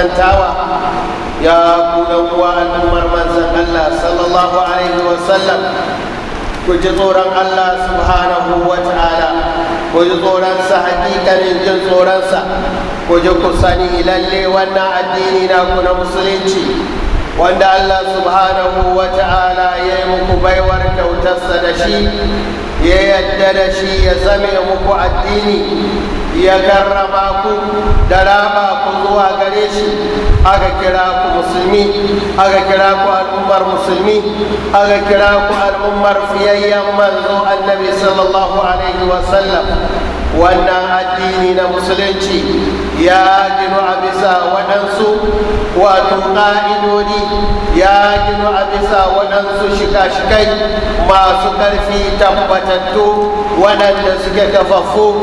kwatantawa ya ku dan uwa al'ummar manzon Allah sallallahu alaihi wa sallam ku ji tsoron Allah subhanahu wa ta'ala ku ji tsoronsa hakikanin jin tsoronsa ku ji ku sani lalle wannan addini na ku na musulunci wanda Allah subhanahu wa ta'ala ya yi muku baiwar kyautarsa da shi ya yadda da shi ya zame muku addini ya karrama ku da raba ku zuwa gare shi aka kira ku musulmi aka kira ku al'ummar musulmi aka kira ku al'ummar fiyayyen manzo annabi sallallahu alaihi wasallam wannan addini na musulunci ya gino a bisa waɗansu wato ƙa'idodi ya gino a bisa waɗansu shika-shikai masu ƙarfi tabbatattu waɗanda suke kafaffu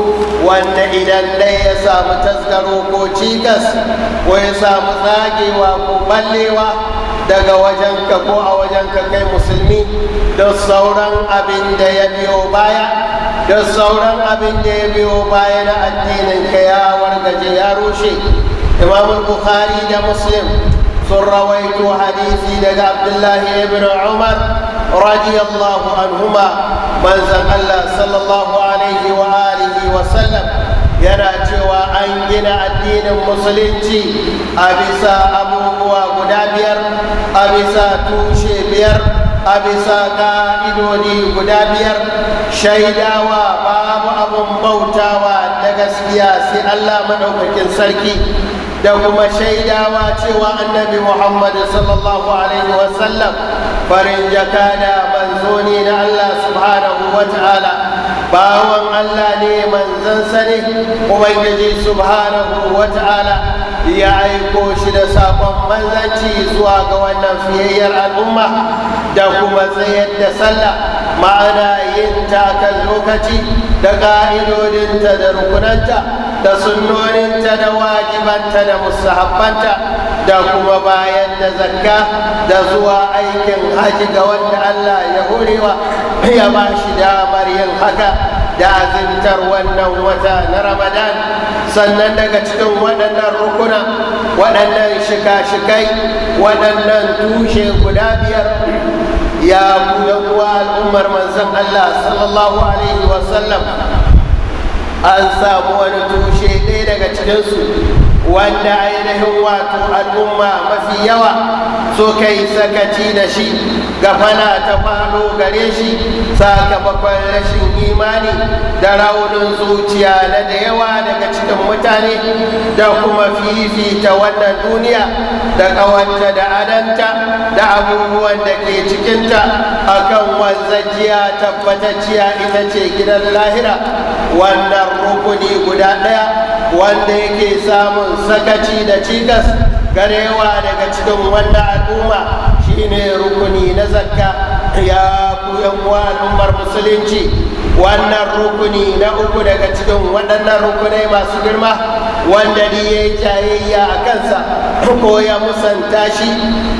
wanda idan dai ya samu taskaro ko cikas ko ya samu tsagewa ko ballewa daga wajenka ko a wajenka kai musulmi da sauran abin da ya biyo baya da sauran abin da ya biyo baya na addinin ka ya wargaje ya rushe imam bukhari da muslim sun rawaito hadisi daga abdullahi ibn umar radiyallahu anhuma manzan allah sallallahu alaihi wa alihi wa sallam yana cewa an gina addinin musulunci a bisa abubuwa guda biyar a bisa tushe biyar a bisa ka'idodi guda biyar shaidawa babu abun bautawa da gaskiya sai allah maɗaukakin sarki da kuma shaidawa cewa annabi muhammad sallallahu alaihi wasallam farin jaka da manzo ne na allah subhanahu wa ta'ala bawan allah ne manzansa ne ubangiji subhanahu wa ta'ala ya aiko shi da sakon manzanci zuwa ga wannan fiyayyar al'umma da kuma tsayar da sallah ma'ana yin ta kan lokaci da ƙa'idodinta da rukunanta da sunnoninta da wajibanta da musahabbanta da kuma bayan da zakka da zuwa aikin haji ga wanda Allah ya horewa ya ba shi damar yin haka da azimtar wannan wata na ramadan sannan daga cikin waɗannan rukuna waɗannan shika-shikai waɗannan tushe guda biyar ya buɗe uwa al'ummar manzan allah sallallahu alaihi wasallam an samu wani tushe ɗaya daga cikinsu wanda ainihin wato al'umma mafi yawa suka yi sakaci da shi gafana ta faɗo gare shi sakamakon rashin imani da raunin zuciya na da yawa daga cikin mutane da kuma fifita wannan duniya da kawanta da adanta da abubuwan da ke cikinta a kan wanzajiya tabbatacciya ita ce gidan lahira wannan rukuni guda ɗaya wanda yake samun sakaci da cikas garewa daga cikin wanda al'umma shine rukuni na zakka ya ku al'ummar musulunci wannan rukuni na uku daga cikin waɗannan rukunai masu girma wanda ni ya yi jayayya a kansa ko ya musanta shi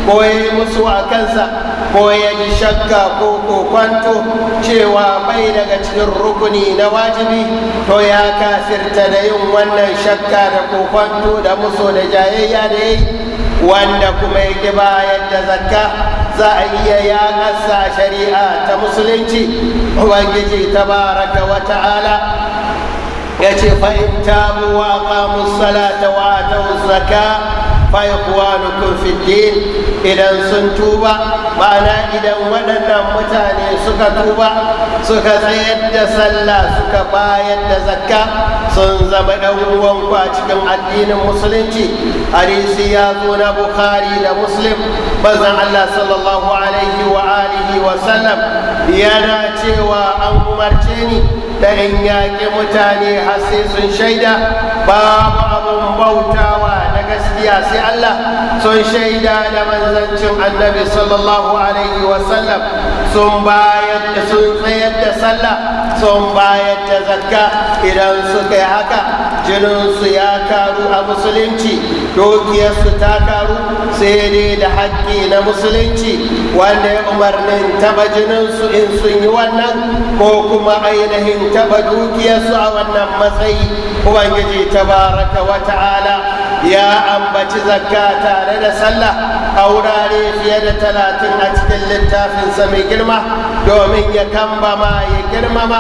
ko ya yi musu a kansa ko ya ji shakka ko kokwanto cewa bai daga cikin rukuni na wajibi to ya kafirta da yin wannan shakka da kokwanto da muso da jayayya da yi wanda kuma ya bayan da zakka za a iya yaƙasa shari'a ta musulunci ubangiji tabaraka wa ta'ala ya ce fahimta tabu wa ƙamun wa ta zaka fayakwanukum fiddin idan sun tuba ma'ana idan waɗannan mutane suka tuba suka tsayar da sallah suka bayar da zakka sun zama ɗan uwanku a cikin addinin musulunci hadisi ya zo na bukhari da muslim bazan allah sallallahu alaihi wa alihi wa sallam yana cewa an umarce ni da in yaƙi mutane har sai sun shaida babu abun bautawa lafiya sai Allah sun shaida da manzancin annabi sallallahu alaihi wasallam sun bayar da sun tsayar da sallah sun bayar da zakka idan suka yi haka jininsu ya karu a musulunci dokiyarsu ta karu sai dai da haƙƙi na musulunci wanda ya umarnin taɓa jininsu in sun yi wannan ko kuma ainihin taɓa dukiyarsu a wannan matsayi ubangiji tabaraka wa ta'ala ya ambaci zakka tare da sallah a wurare fiye da talatin a cikin littafinsa mai girma domin ya kambama ya girmama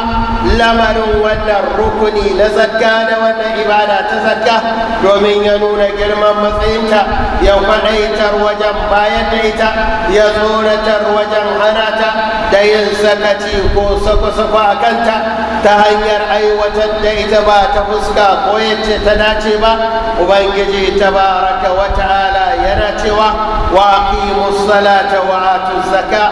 lamarin wannan rukuni na zakka da wannan ibada ta zakka domin ya nuna girman matsayinta ya kwadaitar wajen bayan da ita ya tsoratar wajen hana ta da yin sakaci ko sako-sako a kanta ta hanyar aiwatar da ita ba ta fuska ko yace ta dace ba ubangiji tabaraka wa ta'ala ترتوا واقيموا الصلاه واتوا الزكاه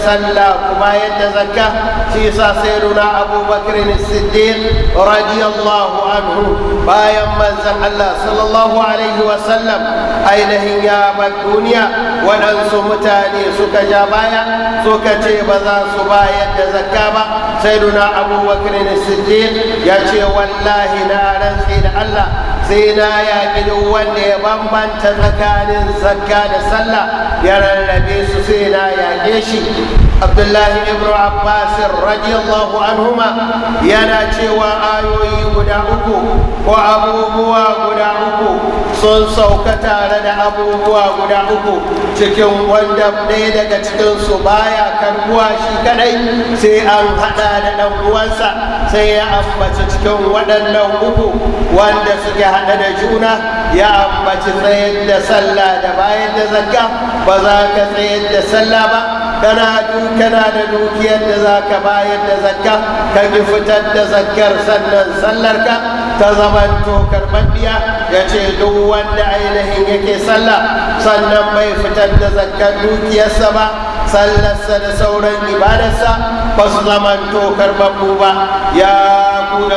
سلا صلى وما زكاة في سيرنا ابو بكر الصديق رضي الله عنه ما يمز الله صلى الله عليه وسلم اين هي الدنيا وننسو متاني سكا جابايا سكا تيبزا سبا يتزكى سيرنا ابو بكر الصديق يا والله لا ننسي الله sai na yaƙi duk wanda ya bambanta tsakanin zakka da sallah ya rarrabe su sai na yage shi عبد الله بن عباس رضي الله عنهما yana cewa ayoyi guda uku ko abubuwa guda uku sun sauka tare da abubuwa guda uku cikin wanda ɗaya daga cikinsu baya karbuwa shi kadai sai an haɗa da ɗan uwansa sai ya ambaci cikin waɗannan uku wanda suke haɗa da juna ya ambaci tsayar da sallah da bayan da zakka ba za ka tsayar da sallah ba كنا كنادو كنادو كيان دزاك بايد دزاك كجفت دزكر سنة سلرك تزمن توكر مديا يشي دوان دعيله يكي سلا سنة بيفت دزاك دوكي السبا سلا سنة سوران كبارسا بس زمن توكر مبوبا يا كون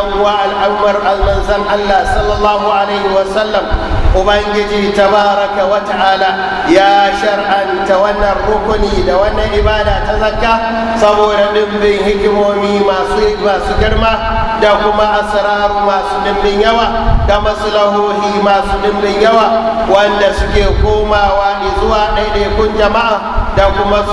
الأمر المنزل الله صلى الله عليه وسلم ubangiji tabaraka wa ta'ala ya shar'anta wannan rukuni da wannan ibada ta zakka saboda dimbin hikimomi masu masu girma da kuma asraru masu dimbin yawa da maslahohi masu dimbin yawa wanda suke komawa zuwa ɗaiɗaikun jama'a da kuma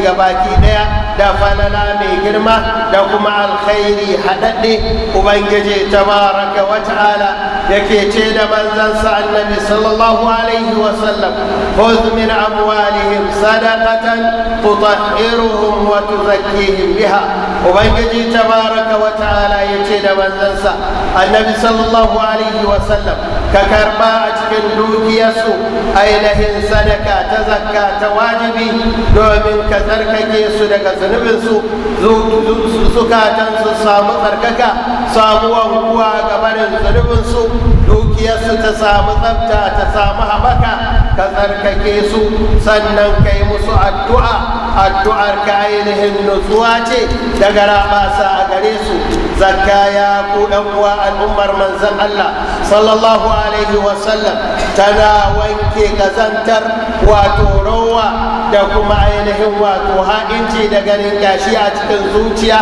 ga baki ɗaya da falala mai girma da kuma alkhairi haɗaɗɗe ubangiji tabaraka wa ta'ala yake ce da manzon sa annabi sallallahu alaihi wasallam khudh min amwalihim sadaqatan tutahhiruhum wa tuzakkihim biha ubangiji tabaraka wa ta'ala yace da manzon sa annabi sallallahu alaihi wasallam ka karba a cikin dukiyarsu ainihin sadaka ta zakka ta wajibi domin ka tsarkake su daga zunubinsu zukatansu samu tsarkaka sabuwar kuwa ga barin zunubinsu dukiyarsu ta samu tsabta ta samu haɓaka ka tsarkake su sannan kai musu addu'a addu'ar ka ainihin nutsuwa ce daga rabasa a gare su zakka ya ku dan uwa al'ummar manzan Allah sallallahu alaihi wasallam tana wanke kazantar wato rawa da kuma ainihin wato ha'inci da ganin gashi a cikin zuciya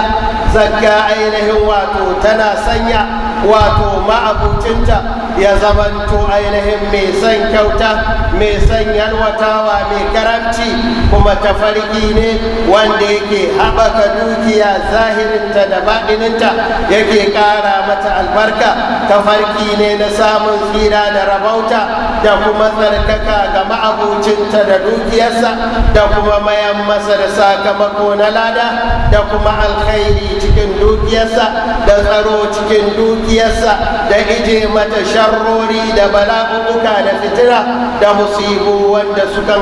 zakka ainihin wato tana sanya wato ma'abucinta ya zamanto ainihin mai son kyauta mai son yalwatawa mai karamci kuma tafarki ne wanda yake haɓaka dukiya zahirinta da baɗininta yake ƙara mata albarka tafarki ne na samun tsira da rabauta da kuma tsarkaka ga ma'abucinta da dukiyarsa da kuma mayan masa da sakamako na lada da kuma alkhairi cikin dukiyarsa da tsaro cikin dukiyarsa da ije mata sha sharrori da bala'uka da fitina da musibu wanda sukan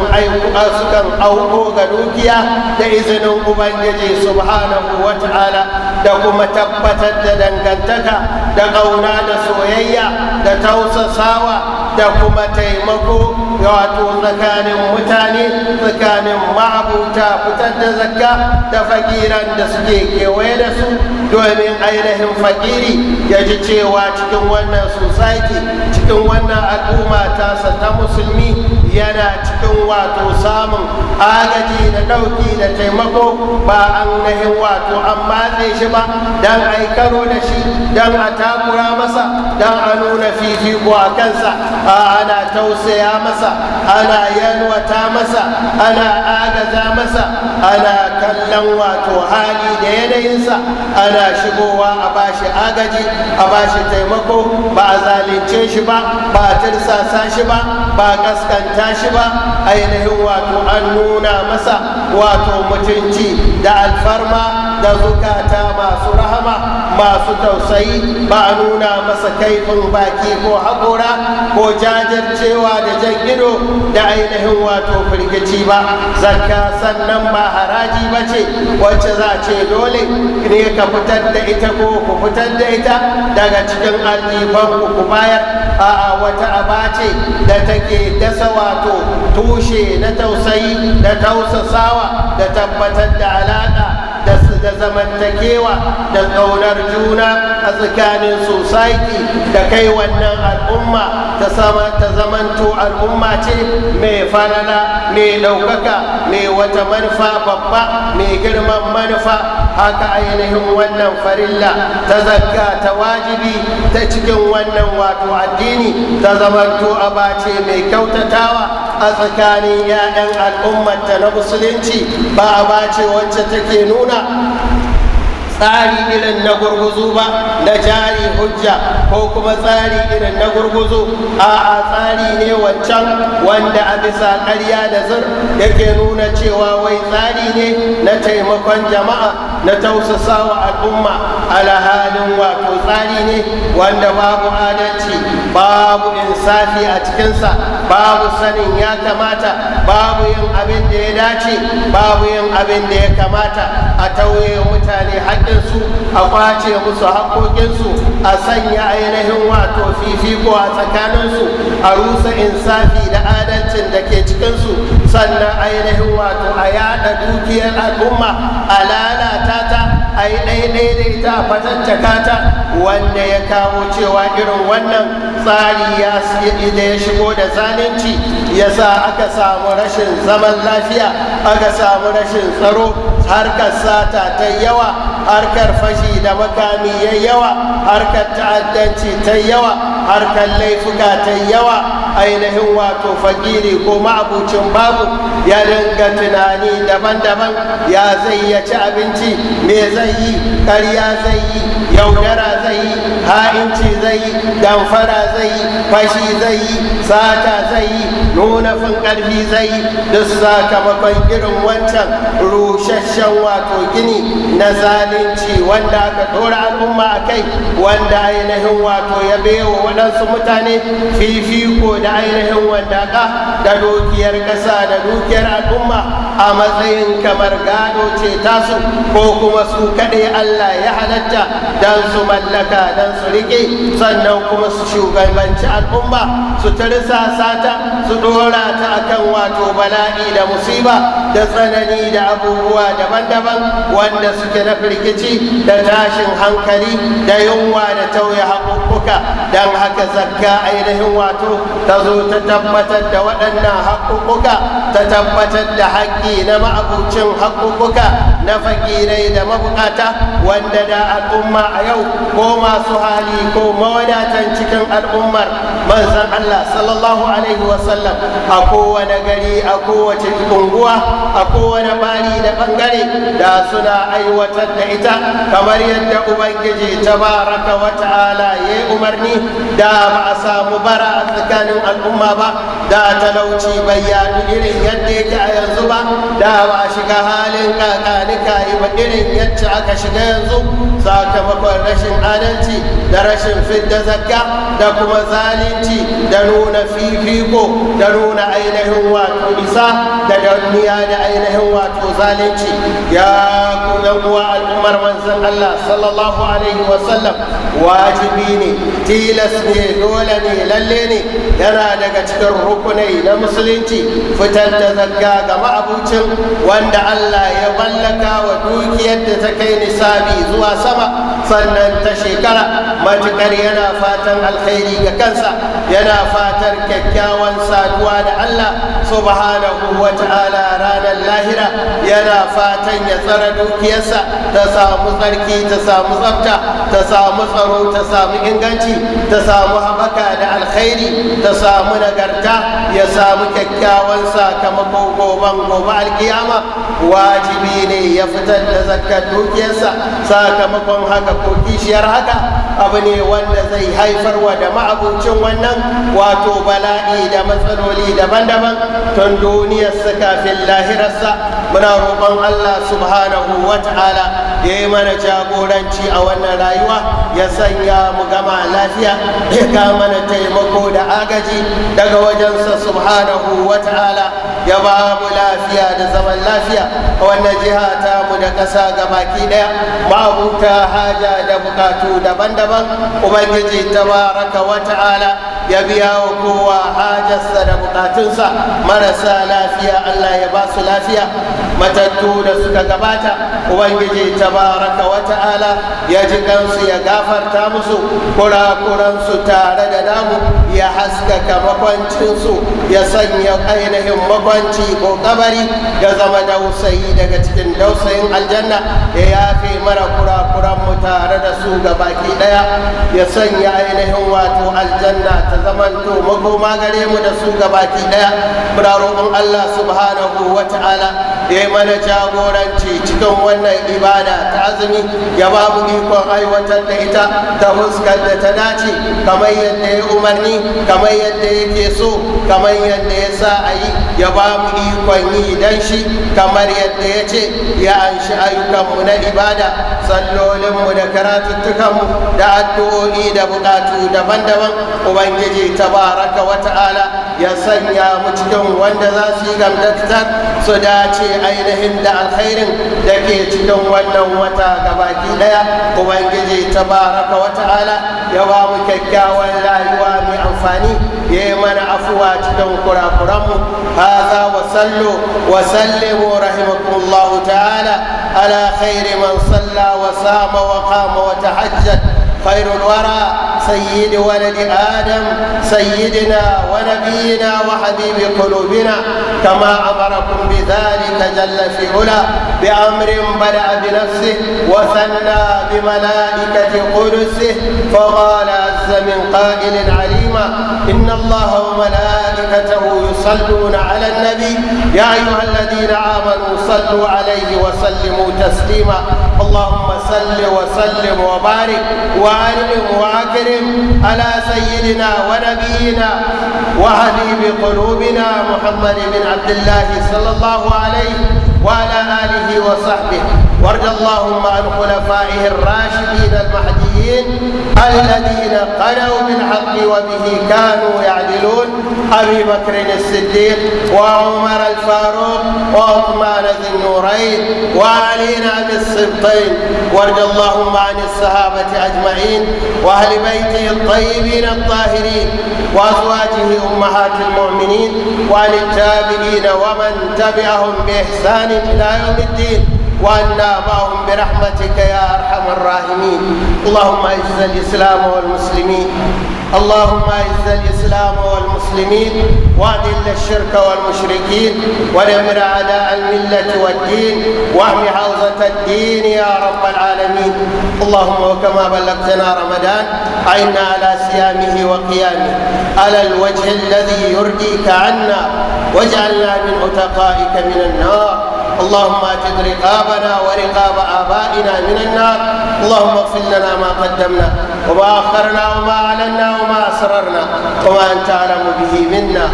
sukan auko ga dukiya da izinin ubangiji subhanahu wa ta'ala da kuma tabbatar da dangantaka da ƙauna da soyayya da tausasawa da kuma taimako wato tsakanin mutane tsakanin ma'abuta fitar da zakka da fakiran da suke kewaye da su domin ainihin fakiri ya ji cewa cikin wannan society cikin wannan al'umma tasa ta musulmi yana cikin wato samun agaji da ɗauki da taimako ba an nahin wato an matse shi ba don aikaro da shi don a takura masa don a nuna fifiko a kansa a ana tausaya masa ana yalwata masa ana agaza masa ana kallon wato hali da yanayinsa ana shigowa a bashi agaji a bashi taimako ba a zalunce shi ba ba a tirsasa shi ba ba a kaskanta muzanta shi ba ainihin wato an nuna masa wato mutunci da alfarma da zukata masu rahama masu tausayi ba nuna masa kaifin baki ko haƙora ko jajircewa da jan ido da ainihin wato firgici ba zakka sannan ba haraji ba ce wacce za ce dole ne ka fitar da ita ko ku fitar da ita daga cikin aljifan ku ku bayar a wata aba ce da take dasa wato tushe na tausayi da tausasawa da tabbatar da alaƙa da zamantakewa da ƙaunar juna a tsakanin society da kai wannan al'umma ta zamanto al'umma ce mai falala mai ɗaukaka mai wata manufa babba mai girman manufa haka ainihin wannan farilla ta zakka ta wajibi ta cikin wannan wato addini ta zamanto bace mai kyautatawa a tsakanin 'ya'yan al'ummarta na musulunci ba a bace wacce take nuna tsari irin na gurguzu ba na jari hujja ko kuma tsari irin na gurguzu a'a tsari ne wancan wanda a bisa ƙarya da zir yake nuna cewa wai tsari ne na taimakon jama'a na tausasa wa al'umma alhalin wato tsari ne wanda babu adalci babu insafi a cikinsa babu sanin ya kamata babu yin abin da ya dace babu yin abin da ya kamata a tauye mutane haƙƙinsu a kwace musu haƙƙoƙinsu a sanya ainihin wato fifiko a tsakaninsu a rusa insafi da adalcin da ke cikinsu sannan ainihin wato a yada dukiyar al'umma a lalata ya yi ɗaiɗai da ita a fatattaka wanda ya kawo cewa irin wannan tsari ya da ya shigo da zalunci ya sa aka samu rashin zaman lafiya aka samu rashin tsaro harkar sata ta yawa harkar fashi da makami ya yawa harkar ta'addanci ta yawa harkar laifuka ta yawa ainihin wato fagiri ko ma'abucin babu ya dinga tunani daban-daban ya zai ya abinci me zai yi karya zai yi yaudara zai yi ha'inci zai damfara zai fashi zai sata zai nuna fin ƙarfi zai duk sakamakon irin wancan rushasshen wato gini na zalunci wanda aka dora al'umma a kai wanda ainihin wato ya bewa waɗansu mutane fifiko da ainihin wanda da dukiyar ƙasa da dukiyar al'umma a matsayin kamar gado ce tasu ko kuma su kaɗai Allah ya halatta don su mallaka don su riƙe sannan kuma su shugabanci al'umma su tarisa sata su dora ta akan wato bala'i da musiba da tsanani da abubuwa daban-daban wanda suke na firgici da tashin hankali da yunwa da tauye haƙuƙuka don haka zakka ainihin wato ta zo ta tabbatar da waɗannan haƙuƙuka ta tabbatar da haƙƙi haƙƙi na ma'abucin haƙƙuƙuka na fakirai da mabuƙata wanda da al'umma a yau ko masu hali ko mawadatan cikin al'ummar manzan Allah sallallahu alaihi wasallam a kowane gari a kowace unguwa a kowane bari da bangare da suna aiwatar da ita kamar yadda ubangiji tabaraka wa ta'ala ya umarni da ba a samu bara a tsakanin al'umma ba da talauci bai yadu irin yadda yake a yanzu ba da ba a shiga halin kakanika yi ba irin yadda aka shiga yanzu sakamakon rashin adalci da rashin fidda zakka da kuma zalunci da nuna fifiko da nuna ainihin wato isa da danniya da ainihin wato zalunci ya kuma uwa al'ummar manzon Allah sallallahu alaihi wasallam wajibi ne tilas ne dole ne lalle ne yana daga cikin rukunai na musulunci fitar da zakka ga ma'abucin wanda Allah ya mallaka wa dukiyar da ta kai nisabi zuwa sama sannan ta shekara matukar yana fatan alkhairi ga kansa yana fatar kyakkyawan saduwa da Allah subhanahu wa ta'ala ranar lahira yana fatan ya tsara dukiyarsa ta samu tsarki ta samu tsafta ta samu tsaro ta samu inganci ta samu haɓaka da alkhairi ta samu nagarta ya samu kyakkyawan sakamako goban gobe alkiyama wajibi ne ya fitar da zakkar dukiyarsa sakamakon haka ko kishiyar haka abu ne wanda zai haifarwa da ma'abucin wannan wato bala'i da matsaloli daban-daban tun suka kafin lahirarsa muna roƙon allah subhanahu wa ta'ala ya yi mana jagoranci a wannan rayuwa ya sanya mu gama lafiya ya mana taimako da agaji daga wajensa subhanahu wa ta'ala ya ba mu lafiya da zaman lafiya a wannan jiha ta mu da ƙasa gabaki ɗaya ma'abuta haja da bukatu daban-daban ubangiji tabaraka wa ta'ala ya biya wa kowa hajarsa da bukatunsa marasa lafiya allah ya ba su lafiya matattu da suka gabata ubangiji tabaraka wa ta'ala ya ji kansu ya gafarta musu kurakuransu tare da namu ya haskaka makwancinsu ya sanya ainihin makwanci ko kabari ya zama dausayi daga cikin dausayin aljanna ya yafe mara kurakuran mu tare da su ga baki daya ya sanya ainihin wato aljanna ta zamanto makoma gare mu da su ga baki daya muna roƙon Allah subhanahu wa ta'ala ya yi mana jagoranci cikin wannan ibada ta azumi ya ba mu ikon aiwatar da ita ta fuskar da ta dace kamar yadda ya umarni kamar yadda ya ke so kamar yadda ya sa a yi ya ba mu ikon yi dan shi kamar yadda ya ce ya anshi ayyukanmu na ibada sallolinmu da karatuttukanmu da addu'o'i da buƙatu daban-daban ubangiji tabaraka wa ta'ala ya sanya mu cikin wanda za su yi gamdaktar su dace ainihin da alkhairin da ke cikin wannan wata gabaki daya ubangiji ta baraka wata ala ya ba mu kyakkyawan rayuwa mai amfani ya yi mana afuwa cikin kurakuranmu haza wa sallu wa sallimu rahimakumullahu ta'ala ala khairi man salla wa sama wa qama wa tahajjad خير الورى سيد ولد آدم سيدنا ونبينا وحبيب قلوبنا كما أمركم بذلك جل في علا بأمر بدأ بنفسه وثنى بملائكة قدسه فقال عز من قائل عليما إن الله وملائكته يصلون على النبي يا أيها الذين آمنوا صلوا عليه وسلموا تسليما اللهم صل وسلم وبارك وأنعم وأكرم على سيدنا ونبينا وحبيب قلوبنا محمد بن عبد الله صلى الله عليه وعلى آله وصحبه وارض اللهم عن خلفائه الراشدين المهديين الذين قنوا بالحق وبه كانوا يعدلون ابي بكر الصديق وعمر الفاروق وعثمان ذي النورين وعلينا بالصبطين وارض اللهم عن الصحابه اجمعين واهل بيته الطيبين الطاهرين وازواجه امهات المؤمنين وعن التابعين ومن تبعهم باحسان الى يوم الدين وأنا أباهم برحمتك يا أرحم الراحمين اللهم أعز الإسلام والمسلمين اللهم أعز الإسلام والمسلمين وأذل الشرك والمشركين ونمر أعداء الملة والدين واحم حوزة الدين يا رب العالمين اللهم وكما بلغتنا رمضان أعنا على صيامه وقيامه على الوجه الذي يرضيك عنا واجعلنا من أتقائك من النار اللهم اجد رقابنا ورقاب ابائنا من النار اللهم اغفر لنا ما قدمنا وما أخرنا وما أعلنا وما أسررنا وما أنت أعلم به منا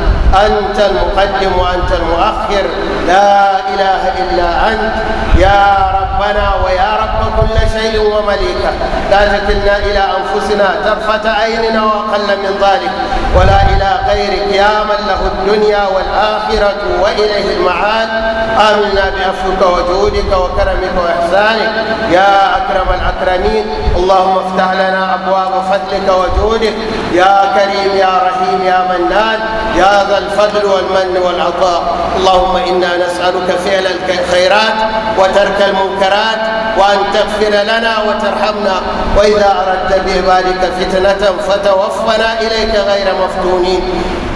أنت المقدم وأنت المؤخر لا إله إلا أنت يا ربنا ويا رب كل شيء ومليكه لا تكلنا إلى أنفسنا طرفة عيننا وأقل من ذلك ولا إلى غيرك يا من له الدنيا والآخرة وإليه المعاد آمنا بعفوك وجودك وكرمك وإحسانك يا أكرم الأكرمين اللهم افتح لنا أبواب فضلك وجودك يا كريم يا رحيم يا منان يا ذا الفضل والمن والعطاء اللهم إنا نسألك فعل الخيرات وترك المنكرات وأن تغفر لنا وترحمنا وإذا أردت بذلك فتنة فتوفنا إليك غير مفتونين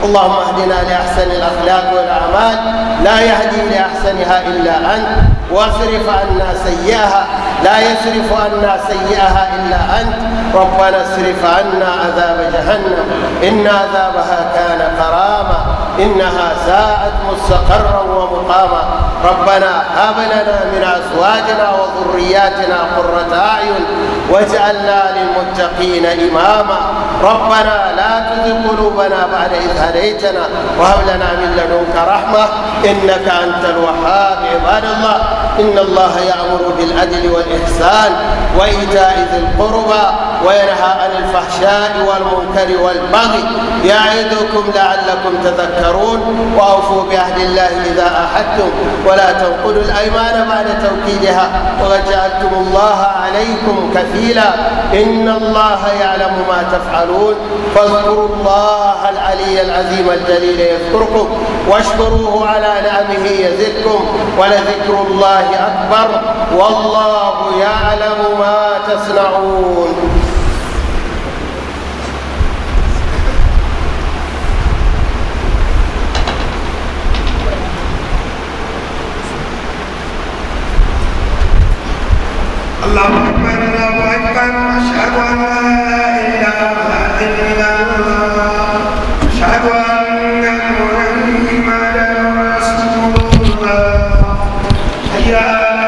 اللهم اهدنا لأحسن الأخلاق والأعمال لا يهدي لأحسنها إلا أنت واصرف عنا سيئها لا يصرف عنا سيئها إلا أنت ربنا اصرف عنا عذاب جهنم إن عذابها كان كراما إنها ساءت مستقرا ومقاما ربنا هب لنا من أزواجنا وذرياتنا قرة أعين واجعلنا للمتقين إماما ربنا لا تزغ قلوبنا بعد إذ هديتنا وهب لنا من لدنك رحمة إنك أنت الوهاب عباد الله إن الله يأمر بالعدل والإحسان وإيتاء ذي القربى وينهى عن الفحشاء والمنكر والبغي يعظكم لعلكم تذكرون وأوفوا بعهد الله إذا أحدتم ولا تنقضوا الأيمان بعد توكيدها وقد جعلتم الله عليكم كفيلا إن الله يعلم ما تفعلون فاذكروا الله العلي العظيم الجليل يذكركم واشكروه على نعمه يزدكم ولذكر الله أكبر والله يعلم ما تصنعون الله أكبر الله أكبر أشهد أن لا